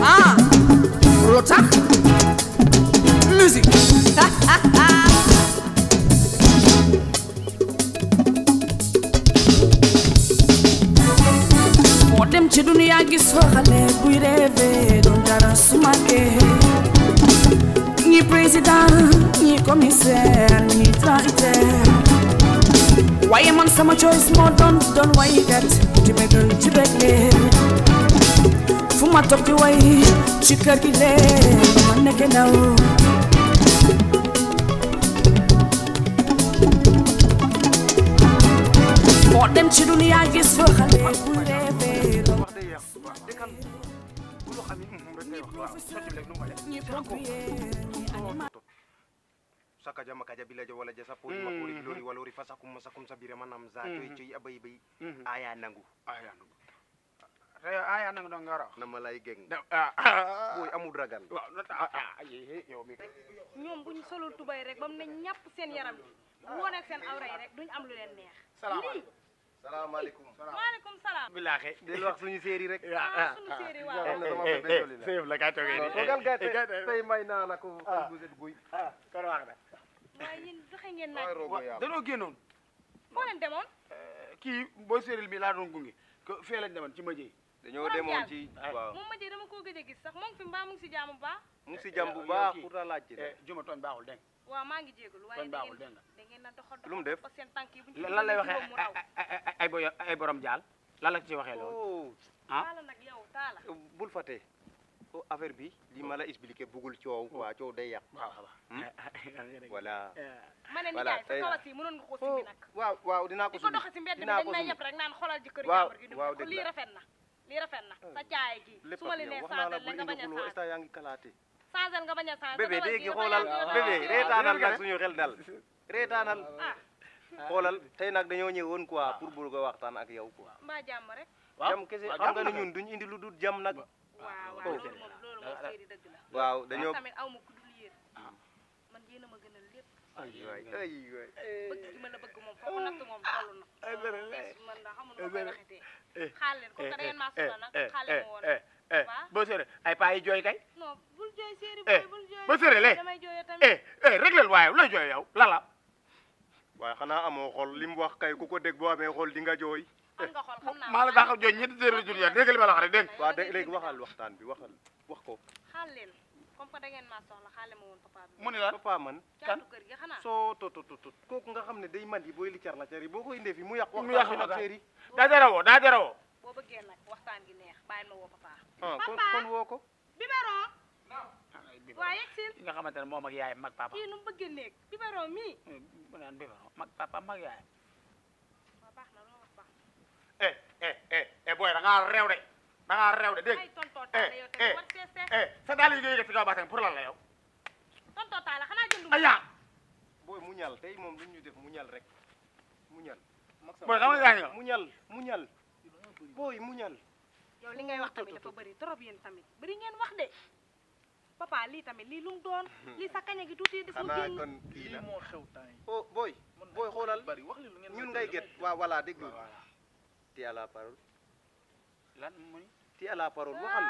Ah, Rota. Ah. Music. Modem chidunia giswahale buireve don darasumake. Ni president, ni commissaire, ni traitor. Why am I so much choice more don't don't why you get to make a chibet Uma tokti wai Chika kile Mane kenao Kodem chiduni agis Fakhale kulebe saka jama kaja bila je wala jasa poli makuri mm-hmm. lori walori fasa kumasa kumsa birema namza to mm-hmm. ichi abai bai mm-hmm. aya nangu aya nangu te eh, yow ah yaa ngi doon ngoro. na ma lay geng. ah ah booy amul ragal. waaw ah ah, ah, ah eh, yow mi. ñoom bu ñu solul tubay rek ba mu ne ñàpp seen yaram bi bu wane seen awra yi rek duñ am lu leen neex. salaamaaleykum salaamaaleykum. maaleykum salaam. bilaaxe di wax suñu séeri rek. ah, ah suñu séeri waaw. sëñ eh, la kaa toogee nii. toogal gerte tey may naa la ko. ah ah kon wax na. waaye yéen doxe ngeen naan. waaw danoo génnoon. foo leen demoon. kii booy séeréer bi laa doon gunge. que fee lañ demoon ci ma jëy. dañoo demoon ci ah. waaw ma jee dama koo gëj gis sax mu ngi fi mbaa mu ngi si jàmm bu baax mu ngi si jàmm bu eh, baax eh, maa ngi jégalu waaye da ngeen na doxa doxa lu mu def lan lay waxee eh, ay ay borom jaal lan la ci waxee loolu oh. ah taala nag yow taala oh, bi li ma la expliqué bugul coow quoi oh. coow day yàq hmm? voilà ma ne nijaay sa kawas yi mënoon nga ko simbi nag waaw waaw dinaa ko simbi di ko doxa si mbedd mi dañ lay yëpp rek naan xoolal lii rafet na lii rafet na ah. sa caay gi su ma saasel la nga bañ a saasel yaa ngi kalaate saasel nga bañ a saasel bébé léegi xoolal ah, bébé reetaanal nag suñu ah. tey nag dañoo ñëwoon quoi pour bëgg a waxtaan ak yow quoi mbaa jàmm rek kese xam nga ne ñun duñ lu dul jàmm nag waaw waaw loolu moom loolu a ma ay waay ay waay. Eh. bëgg gi na. ay ah, dara man la xamul ay paa yi jooy kay. non bul jooy séeri eh, booy bul jooy. jooy eh, yow lala. waaye xanaa amoo xol li mu wax kay ku ko dégg boo amee xol di nga jooy. am nga la daaxal jooy ñetti téeméeri junni yaa dégg li ma la wax rek dégg. waaw dégg léegi waxtaan bi waxal wax ko. comme que da ngeen maa soxla papa la papa man. kan So gi xanaa soo tot nga xam day mandi booy li car la car yi fi mu ak gi neex ma papa ah kon kon woo ko biberon waa yegg nga xamante ak yaay mag papa kii nu mu bëggee néeg biberon mii eh, mag papa mag yaay waa na loolu eh, eh eh eh booy da ngaa da ngaa rew de dégg sa daal yi nga yëg ci kaw basan pour lan la yow tontoo taala xanaa jëndu aya booy mu ñal tey moom lu def mu ñal rek mu ñal booy dama gaañ nga mu ñal mu ñal booy mu ñal yow li ngay wax tamit dafa bëri trop yéen tamit bëri ngeen wax de papa lii tamit lii lu mu doon lii sa kaña gi tuuti def mu génn kon kii la moo xew temps yi oh booy booy xoolal ñun ngay get waaw voilà déglu te à parole lan mooy ci ala la parole waxal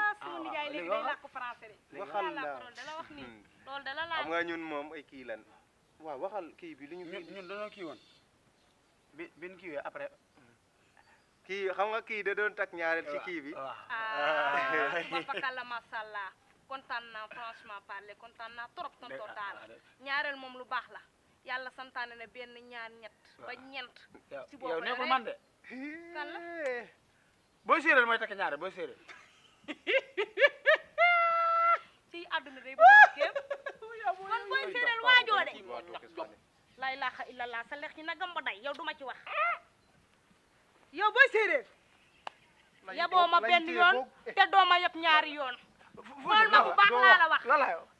waxal nga ñun moom ay ki lan waaw waxal kii bi li ñu ñun dañoo kii woon bi bin kiiwee après kii xam nga kii da doon tak ñaareel ci kii bi ah papa ah. la franchement parler kontaan naa trop tonton ah, Talla ah, ñaareel moom lu baax la yàlla santaane na benn ñaar ñett ba ñeent ya, si boobu yow nekkul man de kan la booy séeréer mooy takk ñaare boo séeréer. ci àdduna day bëgg képp. kon booy séeréer waajoo de. la ilaha illallah sa lex ñi na day yow duma ci wax. yow booy séeréer. yaboo ma benn yoon te doo ma ñaari yoon. xool ma bu baax eh, laa la wax.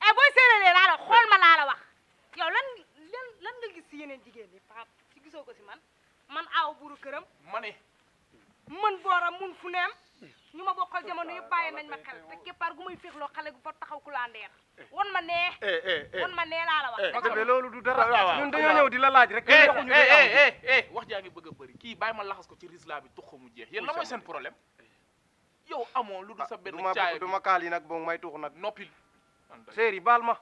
ay booy séeréer laa la ma laa wax. yow lan lan lan nga gis si yeneen jigéen ñi Pape ci gisoo ko man man aw buuru këram. ma mën booram mun fu neem ñu ma jamono yu bàyyi nañ ma xel te képar gu fexlo xalé gu fa taxaw ku la ndeer won ma né eh, eh, eh. won ma né la la wax parce que lolu du dara ah, ñun dañu ñew di la laaj rek eh wax jaa bëgg bari ki kii ma laxas ko ci risla bi tuxu mu jeex yeen la moy seen problème yow amoo lu du sa benn ah, chaay duma kaal nak bo may tuxu nak noppil séeri bal ma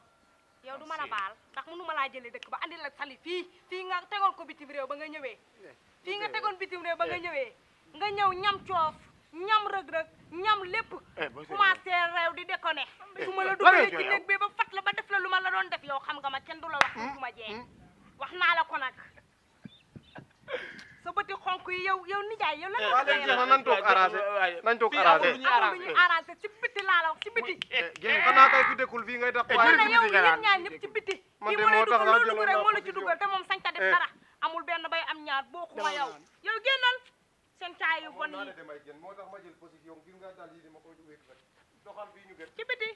yow duma la bal baal mënuma la jëlé dëkk ba andi la sali fi fi nga tegoon ko bitim réew ba nga ñëwé fi nga tégon bitim réew ba nga ñëwé nga ñëw ñam coof ñam rëg-rëg ñam lépp eh, commencé reew di déconné eh, su ma la eh, dugalee ci néeg bi ba fat la ba def la lu ma la doon def yow xam nga ma kenn du la wax bu ma naa la ko nag sa bëti yi yow yow nijaay yow lan la ko nan toog arrangé nan toog arrangé ñu arrangé ci biti laa la ngay tax waaye yow yéen ci biti moo lay dugal loolu dugg rek moo la ci dugal te moom sañ ta def dara amul benn bay am ñaar boo xuma yow yow génnal seen taay yu bon yi moo tax ma ma ko wékk nag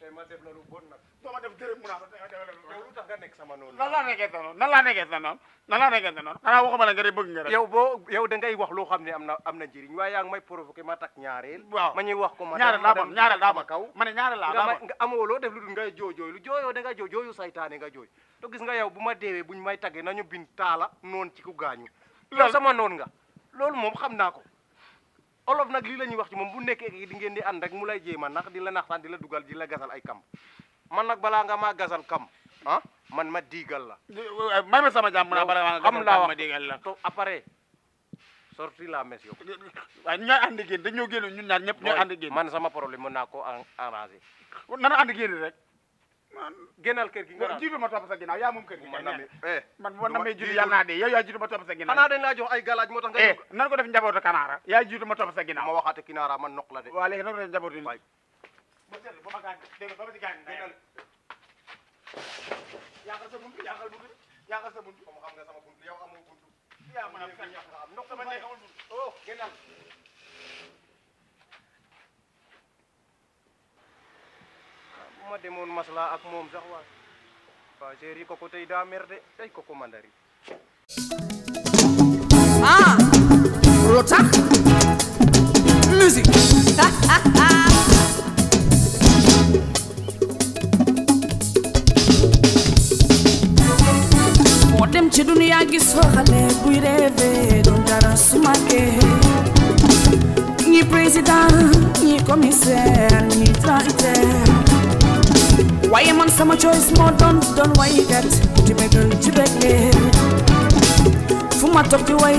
na lu ma def dërëm mu naa yow sama noonu nan nan laa nekkee sa noonu nan laa nekkee sa noonu xanaa waxuma la nga de bëgg nga rek yow ngay wax loo xam ne am na am na njëriñ waaye yaa ngi may provoqué ma tak ñaareel waaw ma ñuy wax ko ma ñaareel laa bon ñaareel laa kaw ma ne ñaareel laa bon nga amoo loo def lu dul ngay jooy jooy lu jooyoo da nga jooy jooyu saytaane nga jooy to gis nga yow bu ma deewee buñ may tagge nañu bin taala noon ci ku gaañu yow sama noon nga loolu moom xam naa ko olof nag lii la ñuy wax ci moom bu nekkee di ngeen di ànd rek mu lay jéema nax di la naxtaan di la dugal di la gasal ay kamb man nag balaa nga maa gasal kamb ah man ma diigal la. Eh, may ma sama jàmm naa balaa maa ma diigal la to après sorti la mes yow. waaw ñooy ànd génn dañoo génn ñun ñaar ñëpp ñooy ànd man sama problème mën naa koo arrangé. nana ànd génn rek. génnal kër gi nga jiitu ma topp sa ginnaaw yaa moom kër gi eh, eh, man man bu ma namee jiitu yàlla naa dee yow yaa jiitu ma topp sa ginnaaw xanaa dañ laa jox ay galaaj moo tax nga eh, nan ko def njabootu kanaara yaa jiitu ma topp sa ginnaaw ma waxaate kinaara man noq la de waaw léegi nan ko def njabootu ni yaaxal sa buntu yaaxal buntu yaaxal sa buntu xam nga sama buntu yow amoo buntu yaa mën a am noq ma ne Eh, ma demon masla ak mom sax wa waa jeri koko tay da merde tay koko mandari ah rota music musique dem ci duniyaa gi soo xale buy rêvé do dara suma ke ni president ni commissaire, ni traité. waaye man sama choice moo doon doon waykat di bégal di bégal fu ma toog di way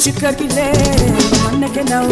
gi leen ma nekk ndaw